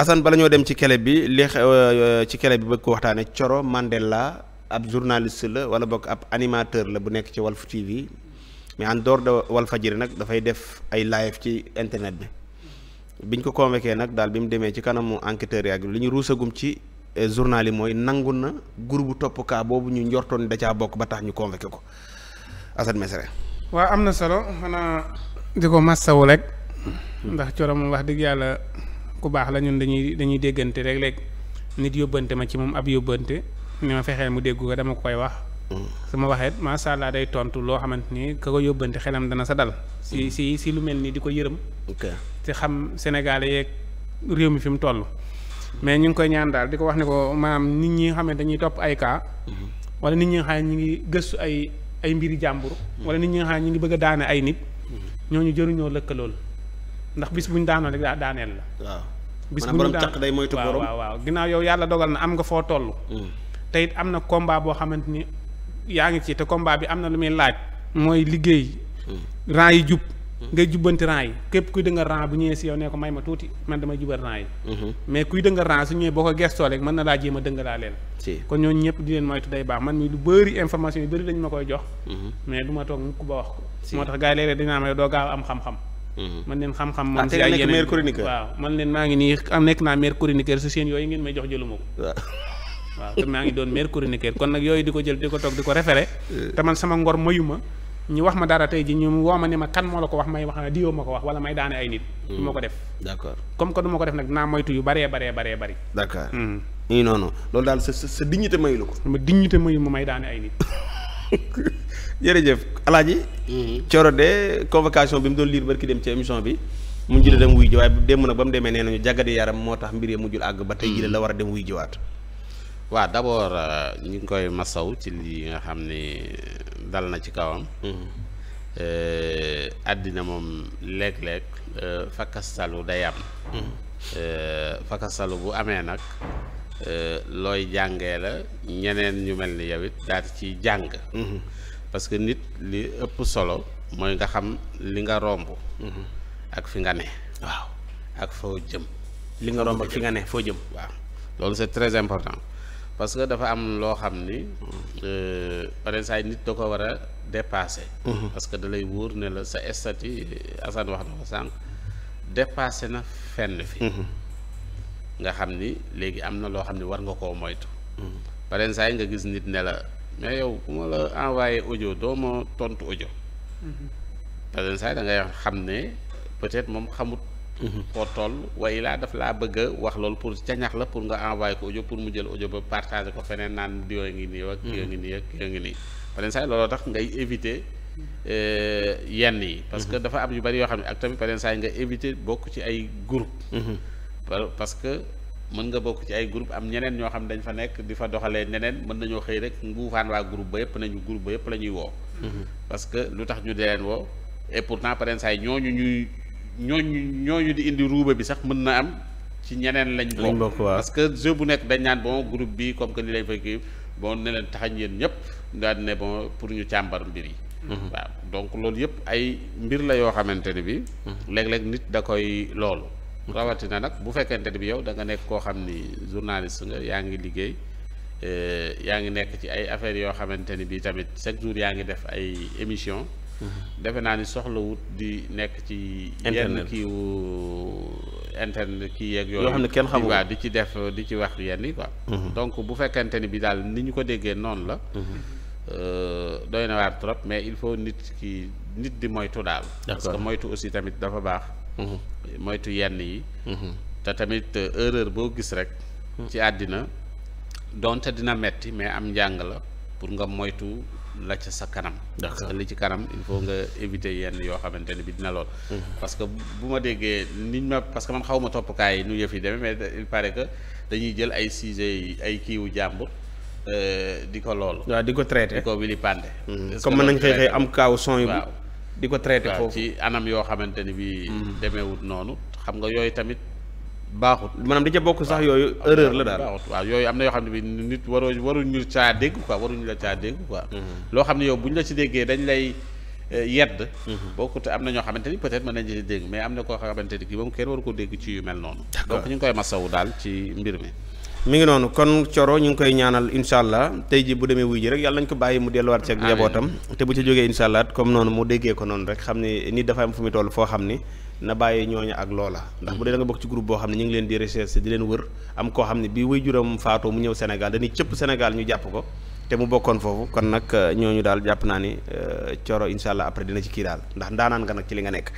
Assane bala ñoo dem ci kele bi li euh, ci kele bi bëgg ko waxtaane Coro Mandela ab journaliste la wala bokk ab animateur la bu nekk ci Walf TV mais en dehors de Walfadjri nag dafay def ay live ci internet bi biñ ko convoqué nag daal bi mu demee ci kanamu enquêteurs yi ak li ñu ruusagum ci euh, journal yi mooy nangu na groupe toppkaa boobu ñu njortoon da caa bokk ba tax ñu ko Assane Mesere. am na solo xanaa di ko masawu rek hmm. ndax Coro moom wax dëgg yàlla. ku baax la ñun dañuy dañuy déggante rek léeg nit yóbbante ma ci moom ab yóbbante ñoo ma mu déggu ko dama koy wax. Mm. sama waxeet waxee macha allah day tontu loo xamante ni ka ko yóbbante xelam dana sa dal. si mm. si si lu mel nii di ko yërëm. te xam sénégalais yeeg réew mi fi mu toll. mais ñu ngi koy ñaan daal di ko wax ne ko maam nit ñi nga xam ne dañuy topp ay kaa mm-hmm. wala nit ñi nga xam ne ñu ngi gëstu ay ay mbiri jàmbur. Mm. wala nit ñi nga xam ne ñu ngi bëgg a daane ay nit. ñooñu jëruñoo lëkkalool ndax bis bu ñu daanoo rek daa daaneel la. bis bu ñu daan day moytu borom waaw waaw ginnaaw yow yàlla dogal na am nga foo toll. Hmm. te am na komba boo xamante ni yaa ngi ci te combat bi am na lu muy laaj. mooy liggéey. Hmm. rang yi jub. Hmm. ngay jubbanti rang yi képp kuy dënga rang bu ñëwee si yow ne ko may ma tuuti man damay jubal rang yi. mais kuy dënga rang su ñëwee boo ko gestoo rek mën na laa jéem a dëng laa leen. kon ñooñu ñëpp di leen moytu day baax man mi lu bëri information yu bëri dañu ma koy jox. mais du ma toog mukk ba wax ko. moo tax gars yi léeg-léeg dañu naan ma am xam Mm-hmm. man leen xam-xam man si ah, ay yeneen man leen maa ngi nii nekk naa maire chroniqueur si seen yooyu ngeen may jox jëluma ko waaw te maa ngi doon maire chroniqueur kon nag yooyu di ko jël di ko toog di ko référé te man sama ngor mayu ma wax ma dara tey ji ñu woo ma ne ma kan moo la ko wax may wax na diwoo ma ko wax wala may daane ay nit mm-hmm. du ma ko def d'accord comme que du ko def nag dinaa moytu yu baree baree baree bari d'accord mm-hmm. nii noonu loolu daal sa sa dignité mayu la ko sama dignité mayu ma may daane ay nit jërëjëf alaaji mm-hmm. Coro de convocation bi mu doon liir barki dem ci émission bi mu jëlee dem wuy jiwaat démb nag ba mu demee nee nañu jàggadi yaram moo tax mbir mu mujjul àgg ba tey jii la war a dem wuy jiwaat. waaw d'abord euh, ñu ngi koy masaw ci li nga xam ni dal na ci kawam. Mm-hmm. Euh, àddina moom léeg-léeg euh, fakkastalu day am. Mm-hmm. fakkastalu bu amee nag. Euh, looy jàngee la ñeneen ñu mel ni yow it daal ci jàng mm-hmm. parce que nit li ëpp solo mooy nga xam li nga romb mm-hmm. ak fi nga ne waaw ak foo jëm li nga romb ak fi nga ne foo jëm waaw loolu c'est très important parce que dafa am loo xam ni mm-hmm. euh, pare saa nit da ko war a dépasser parce que da wóor ne la sa statut Assane wax na ko sànq dépassé na fenn fi nga xam ni léegi am na loo xam ni war nga koo moytu. Mm-hmm. paren saa yi nga gis nit ne la mais yow bu ma la envoyé audio doo ma tontu audio. Mm-hmm. paren dangay yi xam ne peut-être moom xamut. koo mm-hmm. toll waaye laa daf laa bëgg wax loolu pour cañax la pour nga envoyé ko audio pour mu jël audio ba partager ko feneen naan diwa ngi nii ak kii a ngi nii ak kii a ngi nii paren saa yi looloo tax ngay éviter. Euh, yenn yi parce que dafa am yu bari yoo xam ne ak tamit paren saa nga éviter bokk ci ay groupe parce que mën nga bokk ci ay groupe am ñeneen ñoo xam dañ fa nekk di fa doxalee neneen mën nañoo xëy rek nguufaan waa groupe ba yëpp nañu groupe ba yëpp la ñuy woo mm-hmm. parce que lu tax ñu di leen woo et pourtant parents ay ñooñu ñuy ñooñu ñooñu di indi ruube bi sax mën na am ci ñeneen lañ bokk parce que jeu bu nekk dañ naan bon groupe bi comme que ni lañ fay kii bon ne leen taxañ yéen ñëpp daal ne bon pour ñu càmbar mbir yi mm-hmm. waaw donc loolu yëpp ay mbir la yoo xamante ne bi mm-hmm. léeg-léeg nit da koy loolu rawatina nag bu fekkente ni bi yow da nga nekk koo xam ni journaliste nga yaa ngi liggéey eh, yaa ngi nekk ci ay affaires yoo xamante ni bi tamit chaque jour yaa ngi def ay émission mm-hmm. defe naa ni soxlawut di nekk ci yenn kiiwu internet kii yeeg yooyu yoo xam ne kenn xamul waaw di ci def di ci wax yenn yi quoi mm-hmm. donc bu fekkente ni bi daal ni ñu ko déggee noonu la mm-hmm. euh, doy na waar trop mais il faut nit ki nit di moytu daal parce que moytu aussi tamit dafa baax moytu yenn yi mhm. te tamit euh, erreur boo gis rek mhm. ci àddina donte dina metti mais am njàng la pour nga moytu la ca sa kanam ndax que li ci kanam il faut nga éviter yenn yoo xamante ne bi dina lool mhm. parce que bu ma déggee niñ ma parce que man xaw ma toppkaay yi nu yëf yi demee mais il paraît que dañuy jël ay sujet yi ay kiiwu jàmbur euh, di ko lool waaw di ko traité di ko wili pande comme mën nañ xëy am kaaw son yi di ko traité foofu ci anam yoo xamante ni bi hmm. demeewut noonu xam nga yooyu tamit baaxut maanaam di ca bokk sax yooyu erreur la daal baaxut waaw yooyu am na yoo xam ne bi nit waroo waruñu caa dégg quoi waruñu la caa dégg quoi hmm. loo xam ne yow bu ñu la ci déggee dañ lay eh, yedd hmm. bokkut am na ñoo xamante ni peut-être mën nañu dégg mais am na ko xamante ni kii moom kenn waru ko dégg ci yu mel noonu donc ñu ngi koy masawu daal ci mbir mi mi ngi noonu kon Coro ñu ngi koy ñaanal incha allah tey ji bu demee wuy ji rek yàlla nañ ko bàyyi mu delluwaat ci ak njabootam te bu ci jógee incha allah comme noonu mu déggee ko noonu rek xam ne nit dafa mu toll foo xam ni na bàyyi ñooñu ak loola ndax bu dee da nga bokk ci ne ñu ngi leen di recherche leen wër am koo xam ne bi wuy juram faatoo mu ñëw Sénégal dañuy cëpp Sénégal ñu jàpp ko te mu bokkoon foofu kon nag ñooñu daal jàpp naa ni euh, Coro incha allah après dina ci kii daal ndax ndaanaan nga nag ci li nga nekk